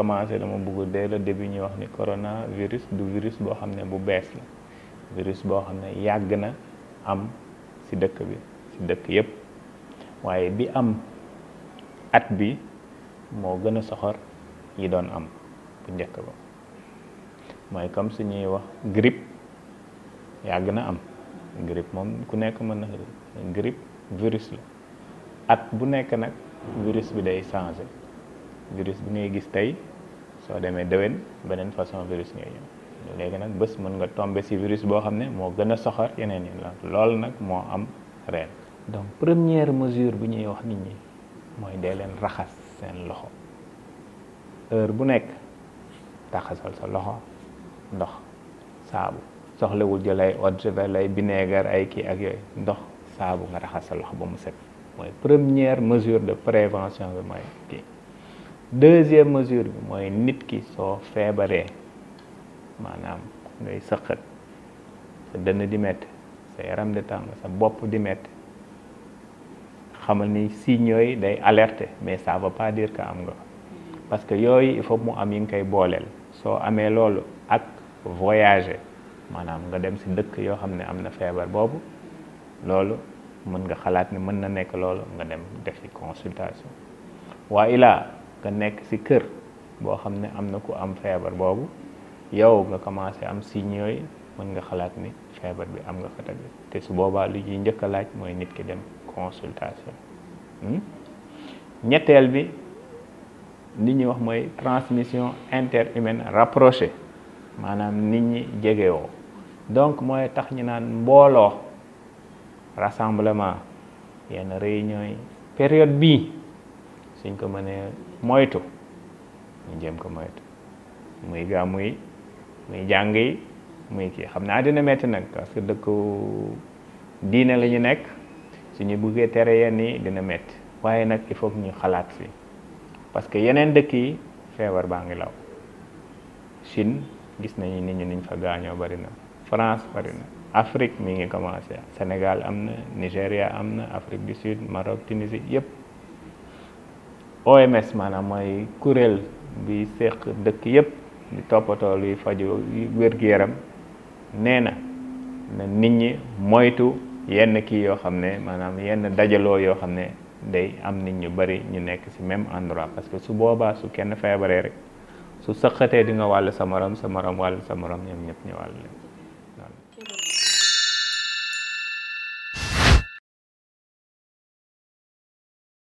commencé dama bëgg dès le début ñuy wax ni coronavirus du virus boo xam ne bu bees la virus boo xam ne yàgg na am ci dëkk bi ci dëkk yépp waaye bi am at bi moo gën a soxor yi doon am bu njëkk ba mooy comme su ñuy wax grippe yàgg na am grippe moom ku nekk mën na grippe virus la at bu nekk nag virus bi day changé virus bi ngay gis tey soo demee déwén beneen façon virus ngay ñëw léegi nag bés mën nga tombe ci virus boo xam ne moo gën a soxor yeneen yi la loolu nag moo am reen donc première mesure bu ñuy wax nit ñi mooy dee leen raxas seen loxo heure bu nekk taxasal sa loxo ndox saabu soxlawul jël ay eau de javel ay ay kii ak yooyu ndox saabu nga raxas sa loxo ba mu set mooy première mesure de prévention bi mooy kii deuxième mesure bi mooy nit ki soo feebaree maanaam ngay sëqat sa dënn di métti sa yaram di tàng sa bopp di métti xamal ni signes yooyu day alerte mais ça veut pas dire que am nga parce que yooyu il faut mu am yi nga koy booleel soo amee loolu ak voyager maanaam nga dem si dëkk yoo xam ne am na feebar boobu loolu mën nga xalaat ni mën na nekk loolu nga dem defi consultation waa ilaa nga nekk si kër boo xam ne am na ku am feebar boobu yow nga commencé am signe yooyu mën nga xalaat ni feebar bi am nga fa tamit te su boobaa lu ñuy njëkk a laaj mooy nit ki dem consultation hmm? ñetteel bi li ñuy wax mooy transmission interhumaine rapprochée maanaam nit ñi jegewoo donc mooy tax ñu naan mbooloo rassemblement yenn réunion yi période bii suñ ko mëne moytu ñu jëm ko moytu muy ga muy muy jàng yi muy ki xamna dina metti nak parce que dëkku diine lañu ñu nekk suñu bëggé téré yenn ni dina metti waaye nak il faut ñu xalaat fi parce que yenen dëkk yi feebar baangi law sin gis nañu nit ñi ñu fa gaañoo bari na France bari na Afrique mi ngi commencé Sénégal am na amna am na Afrique du Sud Maroc Tunisie yépp OMS maanaam mooy kuréel bi seq dëkk yépp di toppatoo luy faju wér-gu-yaram nee na nit ñi moytu yenn kii yoo xam ne maanaam yenn dajaloo yoo xam ne day am nit ñu bari ñu nekk ci même endroit parce que su boobaa su kenn feebaree rek su sëqatee di nga wàll sa morom sa morom wàll sa morom ñoom ñëpp ñu wàll leen